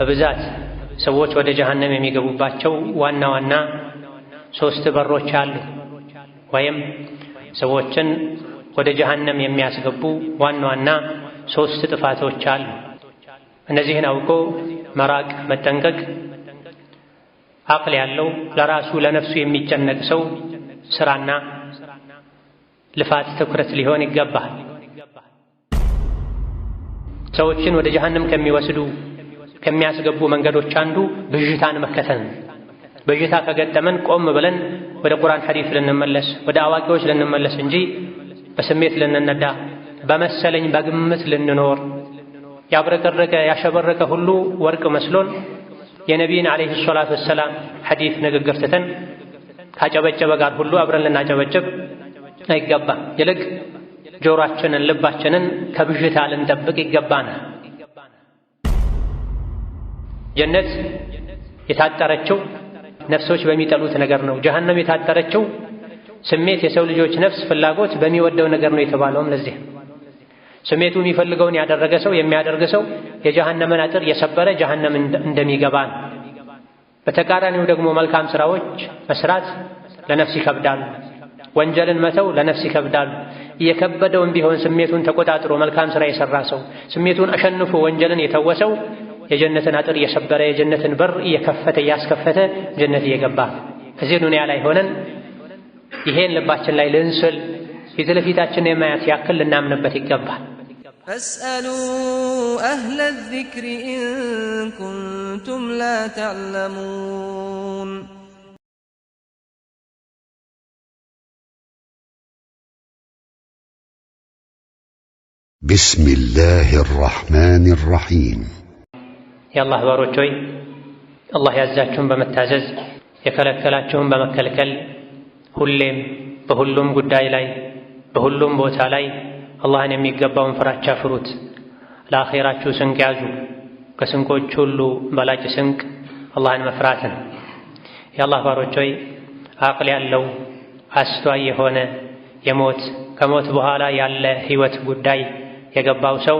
በብዛት ሰዎች ወደ ጀሃነም የሚገቡባቸው ዋና ዋና ሶስት በሮች አሉ። ወይም ሰዎችን ወደ ጀሃነም የሚያስገቡ ዋና ዋና ሶስት ጥፋቶች አሉ። እነዚህን አውቆ መራቅ፣ መጠንቀቅ አቅል ያለው ለራሱ ለነፍሱ የሚጨነቅ ሰው ስራና ልፋት ትኩረት ሊሆን ይገባል። ሰዎችን ወደ ጀሃነም ከሚወስዱ ከሚያስገቡ መንገዶች አንዱ ብዥታን መከተል ብዥታ ከገጠመን ቆም ብለን ወደ ቁርአን ሐዲስ ልንመለስ፣ ወደ አዋቂዎች ልንመለስ እንጂ በስሜት ልንነዳ፣ በመሰለኝ በግምት ልንኖር ያብረቀረቀ ያሸበረቀ ሁሉ ወርቅ መስሎን የነቢይን ዓለይሂ ሰላቱ ወሰላም ሐዲስ ንግግር ትተን ካጨበጨበ ጋር ሁሉ አብረን ልናጨበጭብ አይገባ። ይልቅ ጆሮአችንን ልባችንን ከብዥታ ልንጠብቅ ይገባናል። ጀነት የታጠረችው ነፍሶች በሚጠሉት ነገር ነው። ጀሀነም የታጠረችው ስሜት የሰው ልጆች ነፍስ ፍላጎት በሚወደው ነገር ነው የተባለውም ለዚህ ስሜቱ የሚፈልገውን ያደረገ ሰው የሚያደርግ ሰው የጀሀነምን አጥር የሰበረ ጀሀነም እንደሚገባ ነው። በተቃራኒው ደግሞ መልካም ስራዎች መስራት ለነፍስ ይከብዳሉ። ወንጀልን መተው ለነፍስ ይከብዳሉ። እየከበደውም ቢሆን ስሜቱን ተቆጣጥሮ መልካም ስራ የሰራ ሰው ስሜቱን አሸንፎ ወንጀልን የተወሰው የጀነትን አጥር እየሰበረ የጀነትን በር እየከፈተ እያስከፈተ ጀነት እየገባ እዚህ ዱንያ ላይ ሆነን ይሄን ልባችን ላይ ልንስል ፊት ለፊታችን የማያት ያክል ልናምንበት ይገባል። ፈስአሉ አህለ ዚክሪ ኢን ኩንቱም ላ ተዕለሙን بسم الله الرحمن الرحيم የአላህ ባሮች ሆይ አላህ ያዛችሁን በመታዘዝ የከለከላችሁን በመከልከል ሁሌም በሁሉም ጉዳይ ላይ በሁሉም ቦታ ላይ አላህን የሚገባውን ፍራቻ ፍሩት። ለአኼራችሁ ስንቅ ያዙ። ከስንቆች ሁሉ በላጭ ስንቅ አላህን መፍራትን። የአላህ ባሮች ሆይ አቅል ያለው አስተዋይ የሆነ የሞት ከሞት በኋላ ያለ ህይወት ጉዳይ የገባው ሰው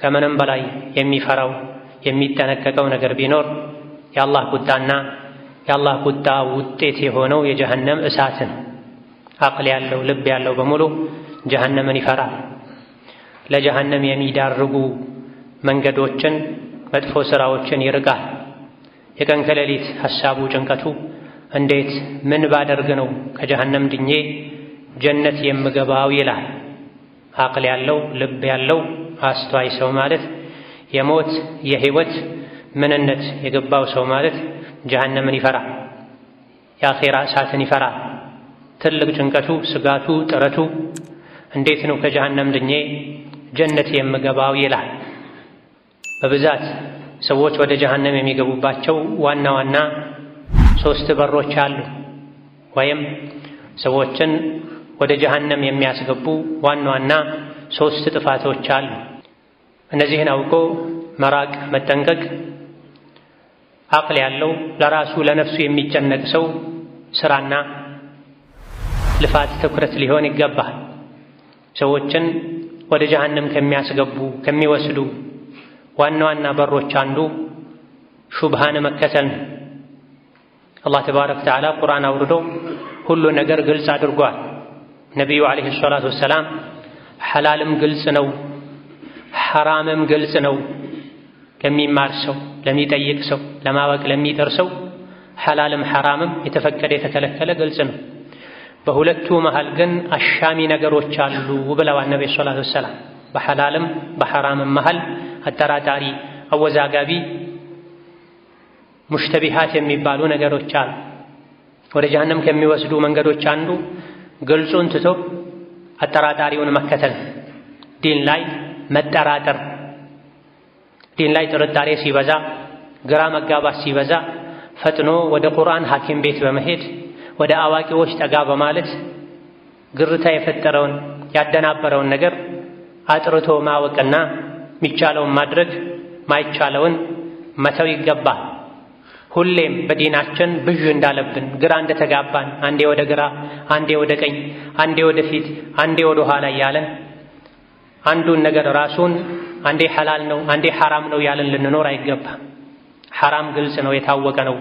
ከምንም በላይ የሚፈራው የሚጠነቀቀው ነገር ቢኖር የአላህ ቁጣና የአላህ ቁጣ ውጤት የሆነው የጀሀነም እሳትን አቅል ያለው ልብ ያለው በሙሉ ጀሀነምን ይፈራል። ለጀሀነም የሚዳርጉ መንገዶችን፣ መጥፎ ስራዎችን ይርቃል። የቀን ከሌሊት ሐሳቡ ጭንቀቱ እንዴት ምን ባደርግ ነው ከጀሀነም ድኜ ጀነት የምገባው ይላል። አቅል ያለው ልብ ያለው አስተዋይ ሰው ማለት የሞት የህይወት ምንነት የገባው ሰው ማለት ጀሃነምን ይፈራ፣ የአኼራ እሳትን ይፈራ። ትልቅ ጭንቀቱ፣ ስጋቱ፣ ጥረቱ እንዴት ነው ከጀሃነም ድኜ ጀነት የምገባው ይላል። በብዛት ሰዎች ወደ ጀሃነም የሚገቡባቸው ዋና ዋና ሶስት በሮች አሉ። ወይም ሰዎችን ወደ ጀሃነም የሚያስገቡ ዋና ዋና ሶስት ጥፋቶች አሉ። እነዚህን አውቆ መራቅ መጠንቀቅ አቅል ያለው ለራሱ ለነፍሱ የሚጨነቅ ሰው ስራና ልፋት ትኩረት ሊሆን ይገባል። ሰዎችን ወደ ጀሀነም ከሚያስገቡ ከሚወስዱ ዋና ዋና በሮች አንዱ ሹብሃን መከተል ነው። አላህ ተባረከ ወተዓላ ቁርአን አውርዶ ሁሉ ነገር ግልጽ አድርጓል። ነቢዩ ዓለይሂ ሰላቱ ወሰላም ሐላልም ግልጽ ነው ሐራምም ግልጽ ነው። ለሚማር ሰው፣ ለሚጠይቅ ሰው፣ ለማወቅ ለሚጠር ሰው ሐላልም ሐራምም የተፈቀደ የተከለከለ ግልጽ ነው። በሁለቱ መሃል ግን አሻሚ ነገሮች አሉ ብለዋል ነቢ ሰላቱ ወሰላም። በሐላልም በሐራምም መሃል አጠራጣሪ፣ አወዛጋቢ ሙሽተቢሃት የሚባሉ ነገሮች አሉ። ወደ ጀሀነም ከሚወስዱ መንገዶች አንዱ ግልጹን ትቶ አጠራጣሪውን መከተል ዲን ላይ መጠራጠር ዲን ላይ ጥርጣሬ ሲበዛ፣ ግራ መጋባት ሲበዛ ፈጥኖ ወደ ቁርአን ሐኪም ቤት በመሄድ ወደ አዋቂዎች ጠጋ በማለት ግርታ የፈጠረውን ያደናበረውን ነገር አጥርቶ ማወቅና የሚቻለውን ማድረግ ማይቻለውን መተው ይገባል። ሁሌም በዲናችን ብዥ እንዳለብን ግራ እንደተጋባን አንዴ ወደ ግራ፣ አንዴ ወደ ቀኝ፣ አንዴ ወደ ፊት፣ አንዴ ወደ ኋላ እያለን አንዱን ነገር ራሱን አንዴ ሐላል ነው አንዴ ሐራም ነው ያለን ልንኖር አይገባ። ሐራም ግልጽ ነው፣ የታወቀ ነው።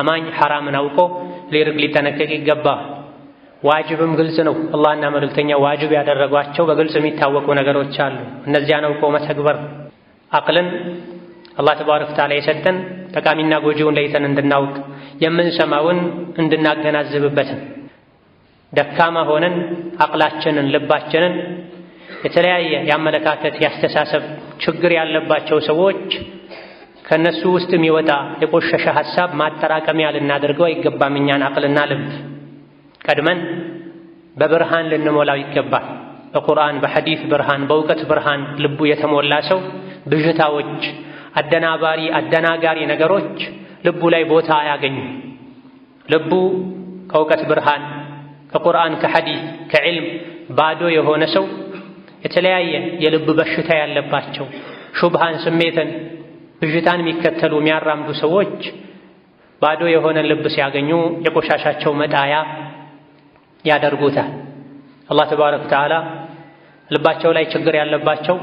አማኝ ሐራምን አውቆ ሊርቅ ሊጠነቀቅ ይገባ። ዋጅብም ግልጽ ነው። አላህና መልእክተኛ ዋጅብ ያደረጓቸው በግልጽ የሚታወቁ ነገሮች አሉ። እነዚያን አውቆ መተግበር አቅልን አላህ ተባረከ ወተዓላ የሰጠን ጠቃሚና ጎጂውን ለይተን እንድናውቅ የምንሰማውን እንድናገናዝብበትን ደካማ ሆነን አቅላችንን ልባችንን የተለያየ የአመለካከት ያስተሳሰብ ችግር ያለባቸው ሰዎች ከነሱ ውስጥ የሚወጣ የቆሸሸ ሐሳብ ማጠራቀሚያ ልናደርገው አይገባም። እኛን አቅልና ልብ ቀድመን በብርሃን ልንሞላው ይገባል። በቁርአን በሐዲስ ብርሃን በእውቀት ብርሃን ልቡ የተሞላ ሰው ብዥታዎች፣ አደናባሪ አደናጋሪ ነገሮች ልቡ ላይ ቦታ አያገኙ። ልቡ ከእውቀት ብርሃን ከቁርአን ከሐዲስ ከዕልም ባዶ የሆነ ሰው የተለያየ የልብ በሽታ ያለባቸው ሹብሃን፣ ስሜትን፣ ብዥታን የሚከተሉ የሚያራምዱ ሰዎች ባዶ የሆነን ልብ ሲያገኙ የቆሻሻቸው መጣያ ያደርጉታል። አላህ ተባረከ ወተዓላ ልባቸው ላይ ችግር ያለባቸው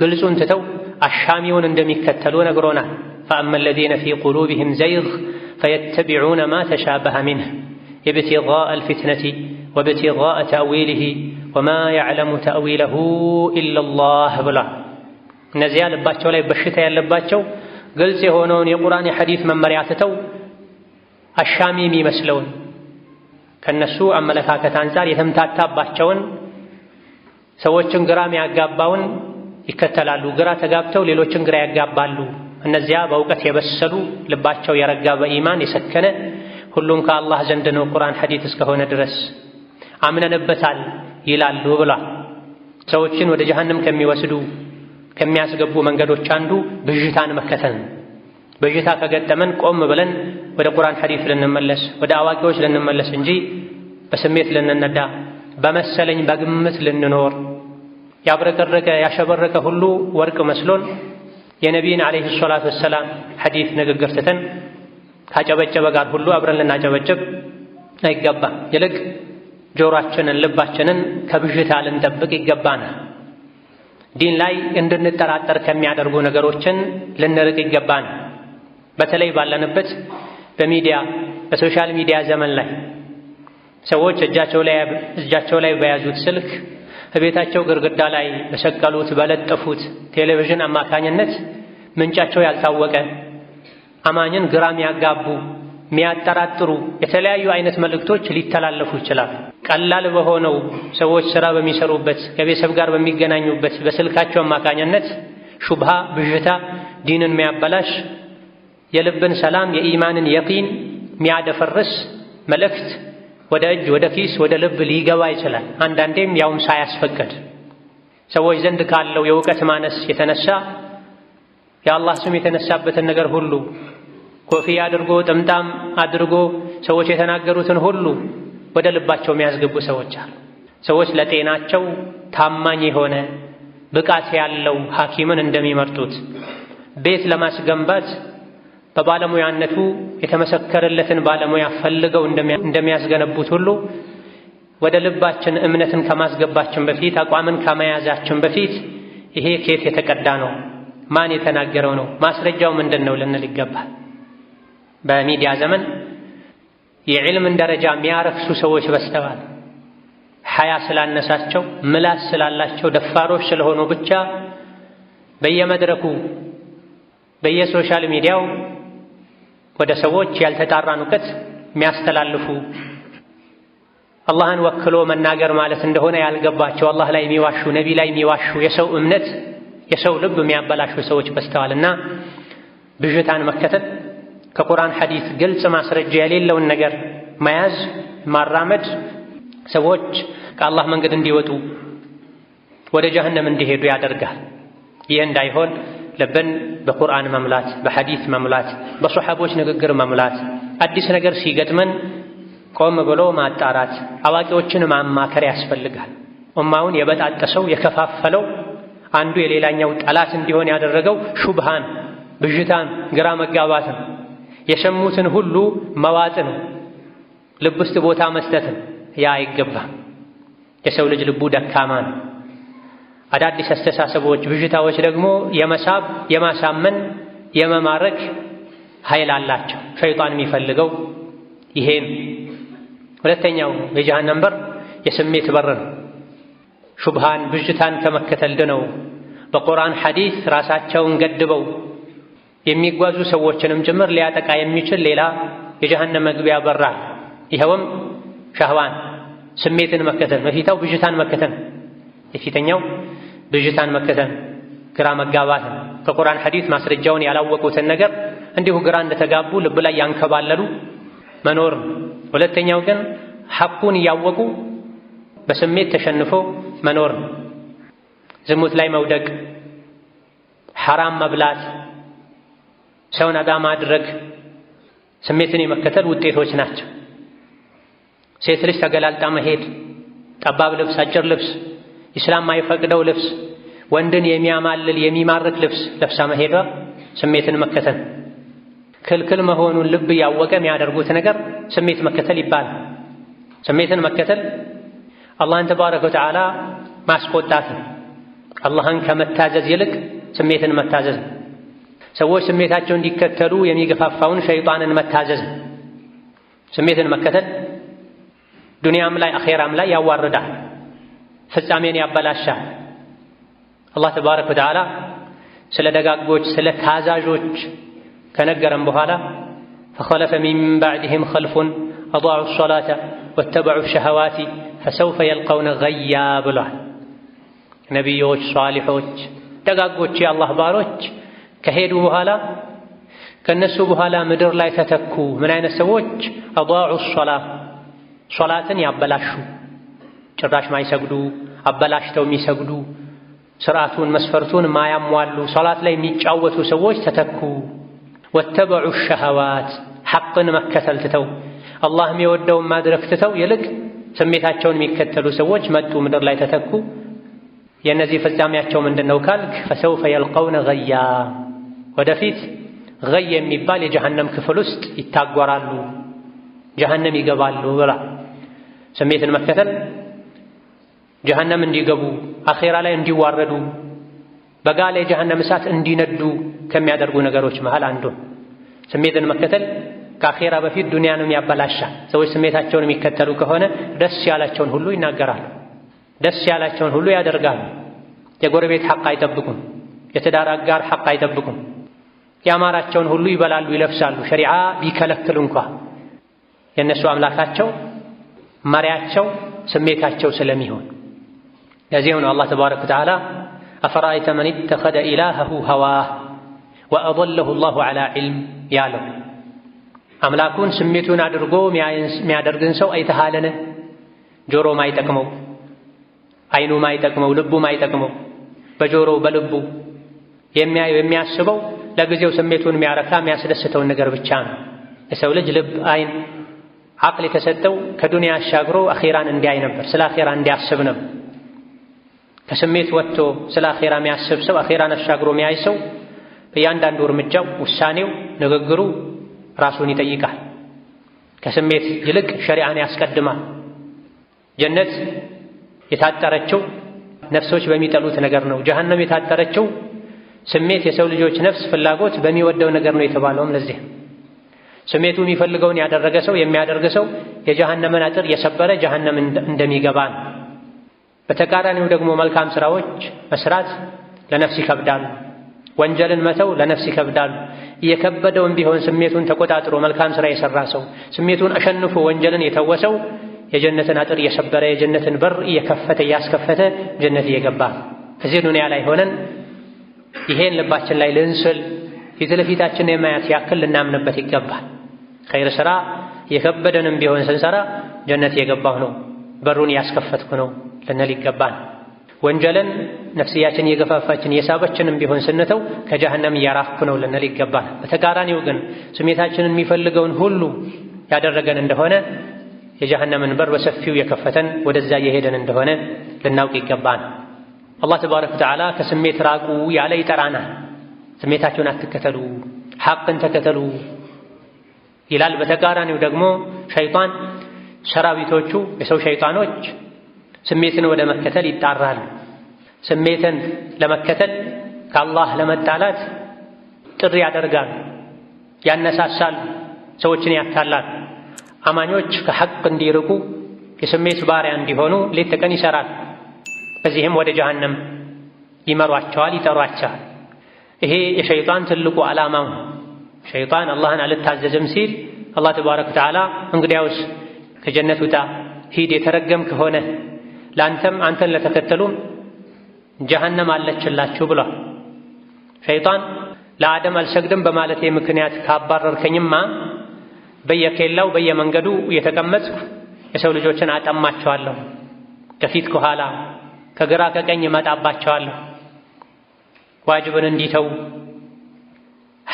ግልጹን ትተው አሻሚውን እንደሚከተሉ ነግሮናል። ፈአማ አለዚነ ፊ ቁሉብህም ዘይግ ፈየተቢዑነ ማ ተሻበሀ ሚንህ ኢብቲጋአ አልፊትነቲ ወብቲጋአ ተእዊልህ ወማ ያዕለሙ ተእዊለሁ ኢለላህ ብሏል። እነዚያ ልባቸው ላይ በሽታ ያለባቸው ግልጽ የሆነውን የቁርአን የሐዲስ መመሪያ ትተው አሻሚ የሚመስለውን ከነሱ አመለካከት አንጻር የተምታታባቸውን ሰዎችን ግራ የሚያጋባውን ይከተላሉ። ግራ ተጋብተው ሌሎችን ግራ ያጋባሉ። እነዚያ በእውቀት የበሰሉ ልባቸው የረጋ በኢማን የሰከነ ሁሉም ከአላህ ዘንድ ነው ቁርአን ሐዲስ እስከሆነ ድረስ አምነንበታል ይላሉ ብሏል። ሰዎችን ወደ ጀሃንም ከሚወስዱ ከሚያስገቡ መንገዶች አንዱ ብዥታን መከተል ነው። ብዥታ ከገጠመን ቆም ብለን ወደ ቁርአን ሐዲስ ልንመለስ፣ ወደ አዋቂዎች ልንመለስ እንጂ በስሜት ልንነዳ፣ በመሰለኝ በግምት ልንኖር ያብረቀረቀ ያሸበረቀ ሁሉ ወርቅ መስሎን የነቢይን ዓለይሂ ሰላቱ ወሰላም ሐዲስ ንግግር ትተን ካጨበጨበ ጋር ሁሉ አብረን ልናጨበጭብ አይገባም። ይልቅ ጆሮአችንን፣ ልባችንን ከብዥታ ልንጠብቅ ይገባናል። ዲን ላይ እንድንጠራጠር ከሚያደርጉ ነገሮችን ልንርቅ ይገባናል። በተለይ ባለንበት በሚዲያ በሶሻል ሚዲያ ዘመን ላይ ሰዎች እጃቸው ላይ በያዙት ስልክ በቤታቸው ግድግዳ ላይ በሰቀሉት በለጠፉት ቴሌቪዥን አማካኝነት ምንጫቸው ያልታወቀ አማኝን ግራም ያጋቡ የሚያጠራጥሩ የተለያዩ አይነት መልእክቶች ሊተላለፉ ይችላል። ቀላል በሆነው ሰዎች ሥራ በሚሰሩበት ከቤተሰብ ጋር በሚገናኙበት በስልካቸው አማካኝነት ሹብሃ ብዥታ ዲንን የሚያበላሽ የልብን ሰላም የኢማንን የቂን የሚያደፈርስ መልእክት ወደ እጅ ወደ ኪስ ወደ ልብ ሊገባ ይችላል። አንዳንዴም ያውም ሳያስፈቅድ ሰዎች ዘንድ ካለው የእውቀት ማነስ የተነሳ የአላህ ስም የተነሳበትን ነገር ሁሉ ኮፍያ አድርጎ ጥምጣም አድርጎ ሰዎች የተናገሩትን ሁሉ ወደ ልባቸው የሚያስገቡ ሰዎች አሉ። ሰዎች ለጤናቸው ታማኝ የሆነ ብቃት ያለው ሐኪምን እንደሚመርጡት ቤት ለማስገንባት በባለሙያነቱ የተመሰከረለትን ባለሙያ ፈልገው እንደሚያስገነቡት ሁሉ ወደ ልባችን እምነትን ከማስገባችን በፊት አቋምን ከመያዛችን በፊት ይሄ ከየት የተቀዳ ነው፣ ማን የተናገረው ነው፣ ማስረጃው ምንድን ነው ልንል ይገባል። በሚዲያ ዘመን የዕልምን ደረጃ የሚያረክሱ ሰዎች በስተዋል። ሐያ ስላነሳቸው፣ ምላስ ስላላቸው፣ ደፋሮች ስለሆኑ ብቻ በየመድረኩ በየሶሻል ሚዲያው ወደ ሰዎች ያልተጣራን እውቀት የሚያስተላልፉ አላህን ወክሎ መናገር ማለት እንደሆነ ያልገባቸው አላህ ላይ የሚዋሹ ነቢ ላይ የሚዋሹ የሰው እምነት የሰው ልብ የሚያበላሹ ሰዎች እና ብዥታን መከተል ከቁርአን ሐዲስ ግልጽ ማስረጃ የሌለውን ነገር መያዝ ማራመድ ሰዎች ከአላህ መንገድ እንዲወጡ ወደ ጀሀነም እንዲሄዱ ያደርጋል። ይህ እንዳይሆን ልብን በቁርአን መምላት፣ በሐዲስ መምላት፣ በሶሐቦች ንግግር መምላት፣ አዲስ ነገር ሲገጥመን ቆም ብሎ ማጣራት፣ አዋቂዎችን ማማከር ያስፈልጋል። ኡማውን የበጣጠሰው የከፋፈለው አንዱ የሌላኛው ጠላት እንዲሆን ያደረገው ሹብሃን፣ ብዥታን፣ ግራ መጋባትን የሰሙትን ሁሉ መዋጥ ነው፣ ልብ ውስጥ ቦታ መስጠት ነው። ያ አይገባም። የሰው ልጅ ልቡ ደካማ ነው። አዳዲስ አስተሳሰቦች፣ ብዥታዎች ደግሞ የመሳብ የማሳመን የመማረክ ኃይል አላቸው። ሸይጣን የሚፈልገው ይሄ ነው። ሁለተኛው የጀሃነም በር የስሜት በር ነው። ሹብሃን ብዥታን ከመከተል ድነው በቁርአን ሐዲስ ራሳቸውን ገድበው የሚጓዙ ሰዎችንም ጭምር ሊያጠቃ የሚችል ሌላ የጀሃነም መግቢያ በራ ይኸውም ሻህዋን ስሜትን መከተል፣ በፊታው ብዥታን መከተል፣ የፊተኛው ብዥታን መከተል፣ ግራ መጋባት፣ ከቁርአን ሐዲስ ማስረጃውን ያላወቁትን ነገር እንዲሁ ግራ እንደተጋቡ ልብ ላይ ያንከባለሉ መኖር። ሁለተኛው ግን ሐቁን እያወቁ በስሜት ተሸንፎ መኖር፣ ዝሙት ላይ መውደቅ፣ ሐራም መብላት ሰውን አዳ ማድረግ፣ ስሜትን የመከተል ውጤቶች ናቸው። ሴት ልጅ ተገላልጣ መሄድ፣ ጠባብ ልብስ፣ አጭር ልብስ፣ ኢስላም ማይፈቅደው ልብስ፣ ወንድን የሚያማልል የሚማርክ ልብስ ለብሳ መሄዷ ስሜትን መከተል ክልክል መሆኑን ልብ እያወቀ የሚያደርጉት ነገር ስሜት መከተል ይባላል። ስሜትን መከተል አላህን ተባረከ ወተዓላ ማስቆጣት፣ አላህን ከመታዘዝ ይልቅ ስሜትን መታዘዝ ሰዎች ስሜታቸው እንዲከተሉ የሚገፋፋውን ሸይጣንን መታዘዝ ስሜትን መከተል ዱንያም ላይ አኼራም ላይ ያዋርዳል፣ ፍጻሜን ያበላሻል። አላህ ተባረከ ወተዓላ ስለ ደጋግቦች ስለ ታዛዦች ከነገረም በኋላ ፈኸለፈ ሚን ባዕድህም ኸልፉን አዳዑ ሰላተ ወተበዑ ሸህዋቲ ፈሰውፈ የልቀውነ ገያ ብሏል። ነቢዮች፣ ሷሊሖች፣ ደጋጎች የአላህ ባሮች ከሄዱ በኋላ ከነሱ በኋላ ምድር ላይ ተተኩ። ምን አይነት ሰዎች? አዳዑ ሶላ ሶላትን ያበላሹ፣ ጭራሽ ማይሰግዱ፣ አበላሽተው የሚሰግዱ ስርዓቱን መስፈርቱን ማያሟሉ፣ ሶላት ላይ የሚጫወቱ ሰዎች ተተኩ። ወተበዑ ሸህዋት ሐቅን መከተል ትተው አላህ የሚወደውን ማድረግ ትተው ይልቅ ስሜታቸውን የሚከተሉ ሰዎች መጡ፣ ምድር ላይ ተተኩ። የእነዚህ ፍጻሜያቸው ምንድን ነው ካልክ፣ ፈሰውፈ የልቀውነ ገያ ወደፊት ገይ የሚባል የጀሃነም ክፍል ውስጥ ይታጎራሉ። ጀሃነም ይገባሉ ብላ ስሜትን መከተል ጀሃነም እንዲገቡ አኼራ ላይ እንዲዋረዱ በጋለ የጀሃነም እሳት እንዲነዱ ከሚያደርጉ ነገሮች መሃል አንዱ ስሜትን መከተል ከአኼራ በፊት ዱንያንም ያበላሻል። ሰዎች ስሜታቸውን የሚከተሉ ከሆነ ደስ ያላቸውን ሁሉ ይናገራሉ፣ ደስ ያላቸውን ሁሉ ያደርጋሉ። የጎረቤት ሐቅ አይጠብቁም፣ የትዳር አጋር ሐቅ አይጠብቁም። ያማራቸውን ሁሉ ይበላሉ፣ ይለብሳሉ። ሸሪዓ ቢከለክል እንኳ የእነሱ አምላካቸው መሪያቸው ስሜታቸው ስለሚሆን ለዚያው ነው አላህ ተባረከ ወተዓላ አፈራአይተ መን ኢተኸደ ኢላሀሁ ሀዋህ ወአለሁ ላሁ ዐላ ዒልም ያለው አምላኩን ስሜቱን አድርጎ የሚያደርግን ሰው አይተሃለን? ጆሮ ማይጠቅመው፣ አይኑ ማይጠቅመው፣ ልቡ ማይጠቅመው፣ በጆሮ በልቡ የሚያስበው ለጊዜው ስሜቱን የሚያረካ የሚያስደስተውን ነገር ብቻ ነው። የሰው ልጅ ልብ፣ አይን፣ አቅል የተሰጠው ከዱንያ አሻግሮ አኼራን እንዲያይ ነበር፣ ስለ አኼራ እንዲያስብ ነው። ከስሜት ወጥቶ ስለ አኼራ የሚያስብ ሰው አኼራን አሻግሮ የሚያይ ሰው በእያንዳንዱ እርምጃው፣ ውሳኔው፣ ንግግሩ ራሱን ይጠይቃል። ከስሜት ይልቅ ሸሪዓን ያስቀድማል። ጀነት የታጠረችው ነፍሶች በሚጠሉት ነገር ነው። ጀሀነም የታጠረችው ስሜት የሰው ልጆች ነፍስ ፍላጎት በሚወደው ነገር ነው የተባለውም ለዚህ ስሜቱ የሚፈልገውን ያደረገ ሰው የሚያደርግ ሰው የጀሃነምን አጥር የሰበረ ጀሃነም እንደሚገባ ነው። በተቃራኒው ደግሞ መልካም ስራዎች መስራት ለነፍስ ይከብዳሉ። ወንጀልን መተው ለነፍስ ይከብዳሉ። እየከበደውም ቢሆን ስሜቱን ተቆጣጥሮ መልካም ስራ የሰራ ሰው ስሜቱን አሸንፎ ወንጀልን የተወሰው የጀነትን አጥር እየሰበረ የጀነትን በር እየከፈተ እያስከፈተ ጀነት እየገባ እዚህ ዱንያ ላይ ሆነን ይሄን ልባችን ላይ ልንስል ፊት ለፊታችን የማያት ያክል ልናምንበት ይገባል። ኸይር ሥራ የከበደንም ቢሆን ስንሰራ ጀነት የገባሁ ነው፣ በሩን ያስከፈትኩ ነው ልንል ይገባል። ወንጀልን ነፍስያችን እየገፋፋችን የሳበችንም ቢሆን ስንተው ከጀሃነም እያራፍኩ ነው ልንል ይገባል። በተቃራኒው ግን ስሜታችንን የሚፈልገውን ሁሉ ያደረገን እንደሆነ የጀሀነምን በር በሰፊው የከፈተን ወደዛ እየሄደን እንደሆነ ልናውቅ ይገባል። አላህ ተባረከ ወተዓላ ከስሜት ራቁ ያለ ይጠራናል። ስሜታቸውን አትከተሉ፣ ሐቅን ተከተሉ ይላል። በተቃራኒው ደግሞ ሸይጣን ሰራዊቶቹ የሰው ሸይጣኖች ስሜትን ወደ መከተል ይጣራሉ። ስሜትን ለመከተል ከአላህ ለመጣላት ጥሪ ያደርጋሉ፣ ያነሳሳል ሰዎችን ያታላል። አማኞች ከሐቅ እንዲርቁ የስሜት ባሪያ እንዲሆኑ ሌት ተቀን ይሰራል። በዚህም ወደ ጀሃነም ይመሯቸዋል፣ ይጠሯቸዋል። ይሄ የሸይጣን ትልቁ ዓላማ ነው። ሸይጣን አላህን አልታዘዝም ሲል አላህ ተባረከ ወተዓላ እንግዲያውስ ከጀነት ውጣ፣ ሂድ፣ የተረገም ከሆነ ለአንተም አንተን ለተከተሉም ጀሃነም አለችላችሁ ብሏል። ሸይጣን ለአደም አልሰግድም በማለት ምክንያት ካባረርከኝማ በየኬላው በየመንገዱ እየተቀመጥኩ የሰው ልጆችን አጠማቸዋለሁ ከፊት ከኋላ ከግራ ከቀኝ እመጣባቸዋለሁ። ዋጅብን እንዲተው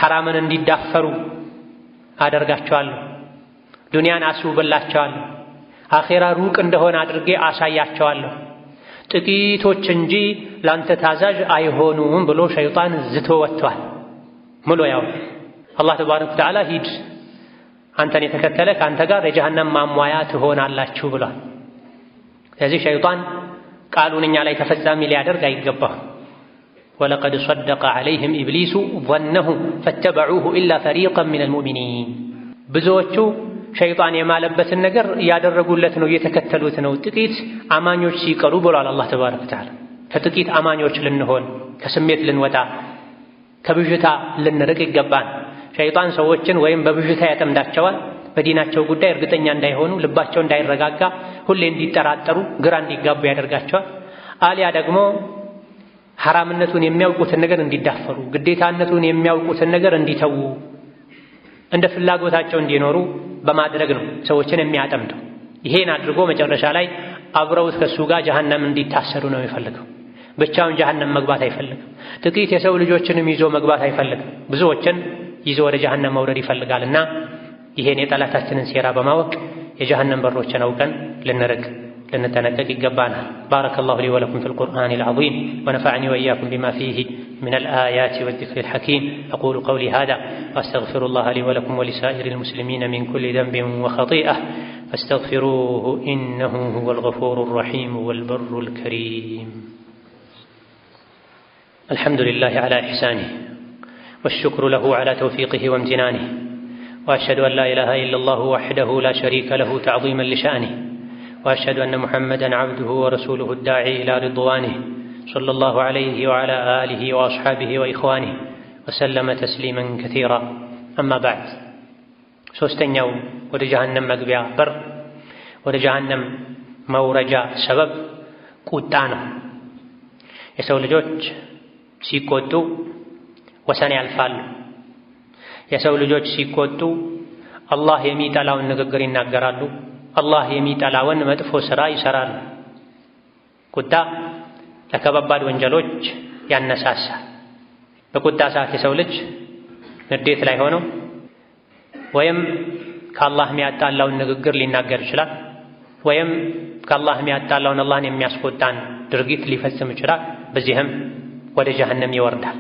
ሐራምን እንዲዳፈሩ አደርጋቸዋለሁ። ዱንያን አስውብላቸዋለሁ። አኼራ ሩቅ እንደሆነ አድርጌ አሳያቸዋለሁ። ጥቂቶች እንጂ ላንተ ታዛዥ አይሆኑም ብሎ ሸይጣን ዝቶ ወጥቷል። ምሎ ያው አላህ ተባረከ ወተዓላ ሂድ አንተን የተከተለ ከአንተ ጋር የጀሃነም ማሟያ ትሆናላችሁ ብሏል። ስለዚህ ሸይጣን ቃሉን እኛ ላይ ተፈጻሚ ሊያደርግ አይገባም። ወለቀድ ሰደቀ ዓለይህም ኢብሊሱ ظነሁ ፈተበዑሁ ኢላ ፈሪቀን ሚነል ሙእሚኒን ብዙዎቹ ሸይጣን የማለበትን ነገር እያደረጉለት ነው፣ እየተከተሉት ነው። ጥቂት አማኞች ሲቀሩ ብሏል አላህ ተባረከ ወተዓላ። ከጥቂት አማኞች ልንሆን ከስሜት ልንወጣ ከብዥታ ልንርቅ ይገባን። ሸይጣን ሰዎችን ወይም በብዥታ ያጠምዳቸዋል በዲናቸው ጉዳይ እርግጠኛ እንዳይሆኑ፣ ልባቸው እንዳይረጋጋ፣ ሁሌ እንዲጠራጠሩ፣ ግራ እንዲጋቡ ያደርጋቸዋል። አሊያ ደግሞ ሐራምነቱን የሚያውቁትን ነገር እንዲዳፈሩ፣ ግዴታነቱን የሚያውቁትን ነገር እንዲተዉ፣ እንደ ፍላጎታቸው እንዲኖሩ በማድረግ ነው ሰዎችን የሚያጠምደው። ይሄን አድርጎ መጨረሻ ላይ አብረውት ከሱ ጋር ጀሀነም እንዲታሰሩ ነው የሚፈልገው። ብቻውን ጀሀነም መግባት አይፈልግም። ጥቂት የሰው ልጆችንም ይዞ መግባት አይፈልግም። ብዙዎችን ይዞ ወደ ጀሃነም መውረድ ይፈልጋልና ይሄን የጠላታችንን ሴራ በማወቅ የጀሃነም በሮችን አውቀን ልንርቅ لنتنكك جبانا بارك الله لي ولكم في القرآن العظيم ونفعني وإياكم بما فيه من الآيات والذكر الحكيم أقول قولي هذا وأستغفر الله لي ولكم ولسائر المسلمين من كل ذنب وخطيئة فاستغفروه إنه هو الغفور الرحيم والبر الكريم الحمد لله على إحسانه والشكر له على توفيقه وامتنانه واشهد ان لا اله الا الله وحده لا شريك له تعظيما لشانه واشهد ان محمدا عبده ورسوله الداعي الى رضوانه صلى الله عليه وعلى اله واصحابه واخوانه وسلم تسليما كثيرا اما بعد سوستن يوم ጀሃነም መግቢያ በር بر ጀሃነም መውረጃ ሰበብ سبب ነው يسول جوج سيكوتو ወሰን ያልፋሉ የሰው ልጆች ሲቆጡ አላህ የሚጠላውን ንግግር ይናገራሉ። አላህ የሚጠላውን መጥፎ ሥራ ይሠራሉ። ቁጣ ለከባባድ ወንጀሎች ያነሳሳል። በቁጣ ሰዓት የሰው ልጅ ንዴት ላይ ሆኖ ወይም ከአላህ የሚያጣላውን ንግግር ሊናገር ይችላል። ወይም ከአላህ የሚያጣላውን አላህን የሚያስቆጣን ድርጊት ሊፈጽም ይችላል። በዚህም ወደ ጀሀነም ይወርዳል።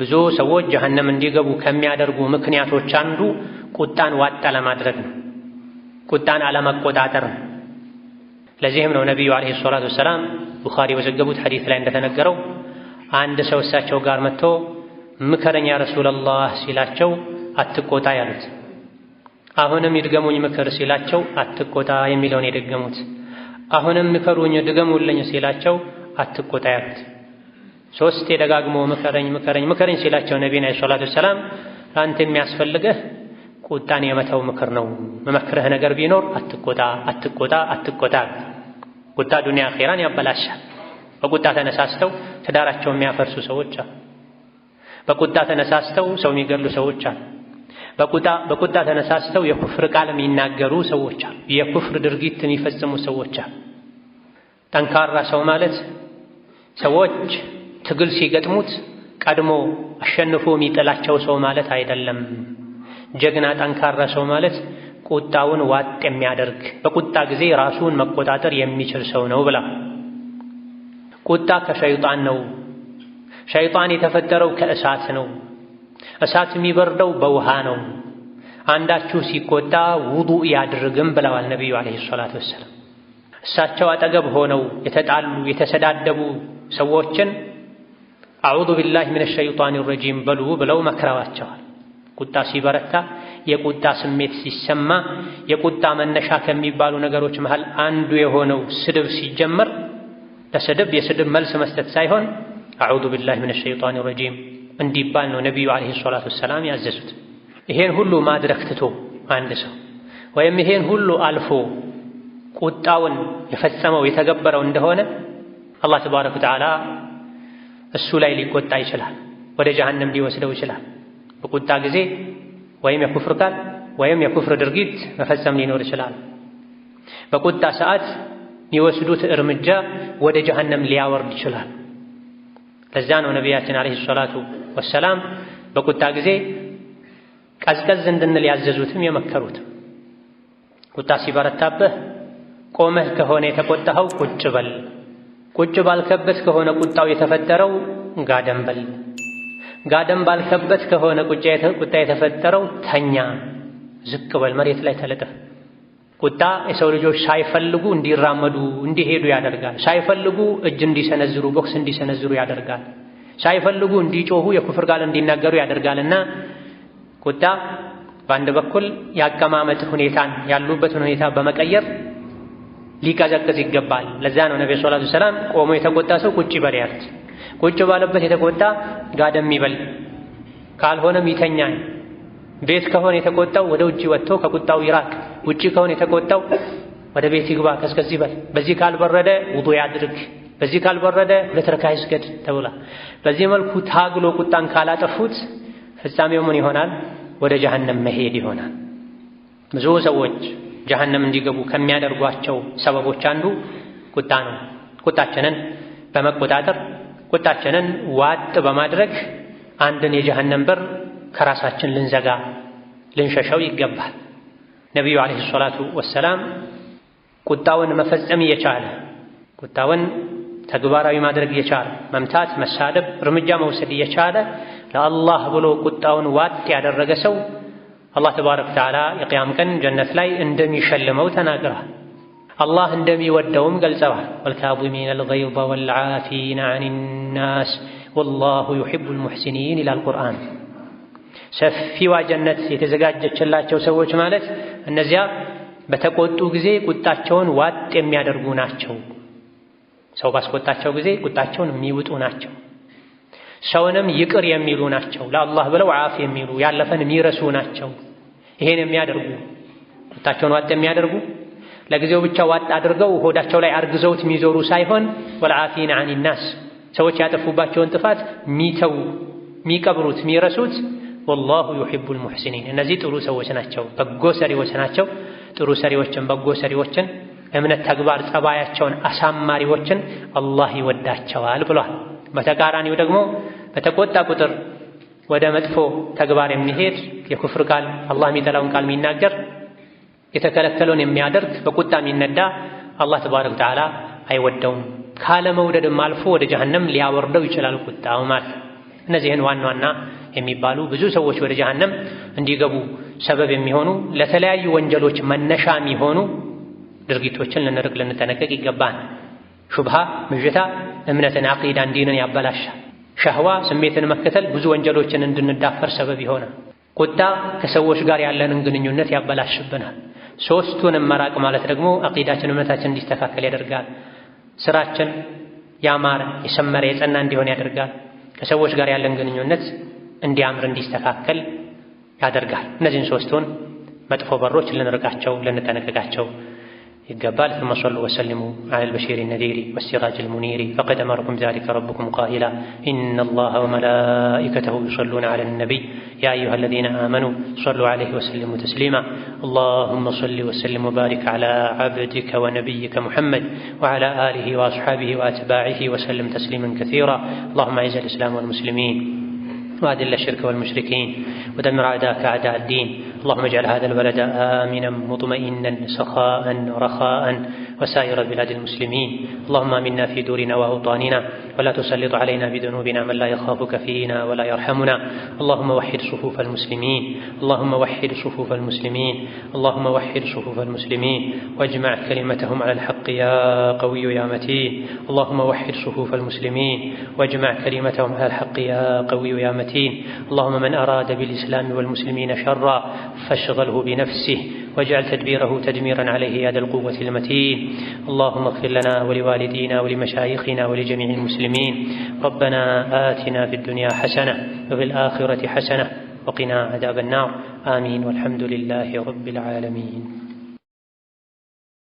ብዙ ሰዎች ጀሀነም እንዲገቡ ከሚያደርጉ ምክንያቶች አንዱ ቁጣን ዋጥ አለማድረግ ነው። ቁጣን አለመቆጣጠር ነው። ለዚህም ነው ነቢዩ ዓለይሂ ሰላቱ ወሰላም ቡኻሪ በዘገቡት ሐዲስ ላይ እንደተነገረው አንድ ሰው እሳቸው ጋር መጥቶ ምከረኛ ረሱለላህ ሲላቸው አትቆጣ ያሉት፣ አሁንም ይድገሙኝ ምክር ሲላቸው አትቆጣ የሚለውን የደገሙት፣ አሁንም ምከሩኝ ድገሙልኝ ሲላቸው አትቆጣ ያሉት ሶስት ደጋግሞ ምከረኝ ምከረኝ ምከረኝ ሲላቸው ነቢና ሰላቱ ሰላም ለአንተ የሚያስፈልግህ ቁጣን የመተው ምክር ነው። መመክረህ ነገር ቢኖር አትቆጣ አትቆጣ አትቆጣ። ቁጣ ዱንያ አኼራን ያበላሻል። በቁጣ ተነሳስተው ትዳራቸው የሚያፈርሱ ሰዎች አሉ። በቁጣ ተነሳስተው ሰው የሚገሉ ሰዎች አሉ። በቁጣ ተነሳስተው የኩፍር ቃል የሚናገሩ ሰዎች አሉ። የኩፍር ድርጊት የሚፈጽሙ ሰዎች አሉ። ጠንካራ ሰው ማለት ሰዎች ትግል ሲገጥሙት ቀድሞ አሸንፎ የሚጥላቸው ሰው ማለት አይደለም። ጀግና ጠንካራ ሰው ማለት ቁጣውን ዋጥ የሚያደርግ በቁጣ ጊዜ ራሱን መቆጣጠር የሚችል ሰው ነው ብላ። ቁጣ ከሸይጣን ነው። ሸይጣን የተፈጠረው ከእሳት ነው። እሳት የሚበርደው በውሃ ነው። አንዳችሁ ሲቆጣ ውዱእ ያድርግም ብለዋል ነቢዩ ዓለይሂ ሰላቱ ወሰላም። እሳቸው አጠገብ ሆነው የተጣሉ የተሰዳደቡ ሰዎችን አዑዙ ቢላህ ሚነ ሸይጣን ረጂም በሉ ብለው መክረዋቸዋል። ቁጣ ሲበረታ፣ የቁጣ ስሜት ሲሰማ፣ የቁጣ መነሻ ከሚባሉ ነገሮች መሃል አንዱ የሆነው ስድብ ሲጀመር ለስድብ የስድብ መልስ መስጠት ሳይሆን አዑዙ ቢላህ ሚነ ሸይጣን ረጂም እንዲባል ነው ነቢዩ ዓለይሂ ሰላቱ ወሰላም ያዘዙት። ይሄን ሁሉ ማድረግ ትቶ አንድ ሰው ወይም ይሄን ሁሉ አልፎ ቁጣውን የፈጸመው የተገበረው እንደሆነ አላህ ተባረከ ወተዓላ እሱ ላይ ሊቆጣ ይችላል። ወደ ጀሀነም ሊወስደው ይችላል። በቁጣ ጊዜ ወይም የኩፍር ቃል ወይም የኩፍር ድርጊት መፈጸም ሊኖር ይችላል። በቁጣ ሰዓት የሚወስዱት እርምጃ ወደ ጀሀነም ሊያወርድ ይችላል። ለዛ ነው ነቢያችን አለይሂ ሰላቱ ወሰላም በቁጣ ጊዜ ቀዝቀዝ እንድንል ያዘዙትም የመከሩት። ቁጣ ሲበረታብህ ቆመህ ከሆነ የተቆጣኸው ቁጭ በል ቁጭ ባልከበት ከሆነ ቁጣው የተፈጠረው ጋደም ጋደም ባልከበት ከሆነ ቁጣ የተፈጠረው ተኛ፣ ዝቅ በል፣ መሬት ላይ ተለጠፍ። ቁጣ የሰው ልጆች ሳይፈልጉ እንዲራመዱ እንዲሄዱ ያደርጋል። ሳይፈልጉ እጅ እንዲሰነዝሩ፣ ቦክስ እንዲሰነዝሩ ያደርጋል። ሳይፈልጉ እንዲጮሁ፣ የኩፍር ቃል እንዲናገሩ ያደርጋልና ቁጣ በአንድ በኩል የአቀማመጥ ሁኔታን ያሉበትን ሁኔታ በመቀየር ሊቀዘቅዝ ይገባል። ለዛ ነው ነቢ ሰላቱ ሰላም ቆሞ የተቆጣ ሰው ቁጭ ይበል ያሉት። ቁጭ ባለበት የተቆጣ ጋደም ይበል፣ ካልሆነም ይተኛል። ቤት ከሆነ የተቆጣው ወደ ውጭ ወጥቶ ከቁጣው ይራቅ። ውጭ ከሆነ የተቆጣው ወደ ቤት ይግባ፣ ቀዝቀዝ ይበል። በዚህ ካልበረደ ውዱእ ያድርግ፣ በዚህ ካልበረደ ሁለት ረካ ይስገድ ተብላ። በዚህ መልኩ ታግሎ ቁጣን ካላጠፉት ፍጻሜው ምን ይሆናል? ወደ ጀሀነም መሄድ ይሆናል። ብዙ ሰዎች ጀሀነም እንዲገቡ ከሚያደርጓቸው ሰበቦች አንዱ ቁጣ ነው። ቁጣችንን በመቆጣጠር ቁጣችንን ዋጥ በማድረግ አንድን የጀሀነም በር ከራሳችን ልንዘጋ ልንሸሸው ይገባል። ነቢዩ ዓለይሂ ሰላቱ ወሰላም ቁጣውን መፈጸም እየቻለ ቁጣውን ተግባራዊ ማድረግ እየቻለ መምታት፣ መሳደብ፣ እርምጃ መውሰድ እየቻለ ለአላህ ብሎ ቁጣውን ዋጥ ያደረገ ሰው አላህ ተባረከ ወተዓላ የቅያም ቀን ጀነት ላይ እንደሚሸልመው ተናግረዋል። አላህ እንደሚወደውም ገልጸዋል። ወልካዚሚነ አልገይዘ ወልዓፊነ ዐኒናስ ወላሁ ዩሒቡል ሙሕሲኒን ይላል ቁርአን። ሰፊዋ ጀነት የተዘጋጀችላቸው ሰዎች ማለት እነዚያ በተቆጡ ጊዜ ቁጣቸውን ዋጥ የሚያደርጉ ናቸው። ሰው ባስቆጣቸው ጊዜ ቁጣቸውን የሚውጡ ናቸው። ሰውንም ይቅር የሚሉ ናቸው። ለአላህ ብለው አፍ የሚሉ ያለፈን የሚረሱ ናቸው። ይሄን የሚያደርጉ ወታቸውን ዋጥ የሚያደርጉ ለጊዜው ብቻ ዋጥ አድርገው ሆዳቸው ላይ አርግዘውት የሚዞሩ ሳይሆን ወልዓፊን አን ናስ ሰዎች ያጠፉባቸውን ጥፋት ሚተው የሚቀብሩት የሚረሱት ወላሁ ዩሂቡል ሙሕሲኒን እነዚህ ጥሩ ሰዎች ናቸው፣ በጎ ሰሪዎች ናቸው። ጥሩ ሰሪዎችን፣ በጎ ሰሪዎችን፣ እምነት ተግባር ጠባያቸውን አሳማሪዎችን አላህ ይወዳቸዋል ብሏል። በተቃራኒው ደግሞ በተቆጣ ቁጥር ወደ መጥፎ ተግባር የሚሄድ የኩፍር ቃል አላህ የሚጠላውን ቃል የሚናገር የተከለከለውን የሚያደርግ በቁጣ የሚነዳ አላህ ተባረከ ወተዓላ አይወደውም። ካለመውደድም አልፎ ወደ ጀሀነም ሊያወርደው ይችላል ቁጣው ማለት። እነዚህን ዋና ዋና የሚባሉ ብዙ ሰዎች ወደ ጀሀነም እንዲገቡ ሰበብ የሚሆኑ ለተለያዩ ወንጀሎች መነሻ የሚሆኑ ድርጊቶችን ልንርቅ ልንጠነቀቅ ይገባል። ሹብሃ፣ ምዥታ እምነትን፣ አቂዳን፣ ዲንን ያበላሻል። ሸህዋ ስሜትን መከተል ብዙ ወንጀሎችን እንድንዳፈር ሰበብ ይሆነ። ቁጣ ከሰዎች ጋር ያለንን ግንኙነት ያበላሽብናል። ሶስቱንም መራቅ ማለት ደግሞ አቂዳችን እምነታችን እንዲስተካከል ያደርጋል። ስራችን ያማረ የሰመረ የጸና እንዲሆን ያደርጋል። ከሰዎች ጋር ያለን ግንኙነት እንዲያምር እንዲስተካከል ያደርጋል። እነዚህን ሶስቱን መጥፎ በሮች ልንርቃቸው ልንጠነቀቃቸው يقبال ثم صلوا وسلموا على البشير النذير والسراج المنير فقد أمركم ذلك ربكم قائلا إن الله وملائكته يصلون على النبي يا أيها الذين آمنوا صلوا عليه وسلموا تسليما اللهم صل وسلم وبارك على عبدك ونبيك محمد وعلى آله وأصحابه وأتباعه وسلم تسليما كثيرا اللهم أعز الإسلام والمسلمين وأذل الشرك والمشركين ودمر أعداءك أعداء الدين اللهم اجعل هذا البلد آمنا مطمئنا سخاء رخاء وسائر بلاد المسلمين اللهم آمنا في دورنا وأوطاننا ولا تسلط علينا بذنوبنا من لا يخافك فينا ولا يرحمنا اللهم وحد صفوف المسلمين اللهم وحد صفوف المسلمين اللهم وحد صفوف المسلمين واجمع كلمتهم على الحق يا قوي يا متين اللهم وحد صفوف المسلمين واجمع كلمتهم على الحق يا قوي يا متين المتين اللهم من أراد بالإسلام والمسلمين شرا فاشغله بنفسه واجعل تدبيره تدميرا عليه يا ذا القوة المتين اللهم اغفر لنا ولوالدينا ولمشايخنا ولجميع المسلمين ربنا آتنا في الدنيا حسنة وفي الآخرة حسنة وقنا عذاب النار آمين والحمد لله رب العالمين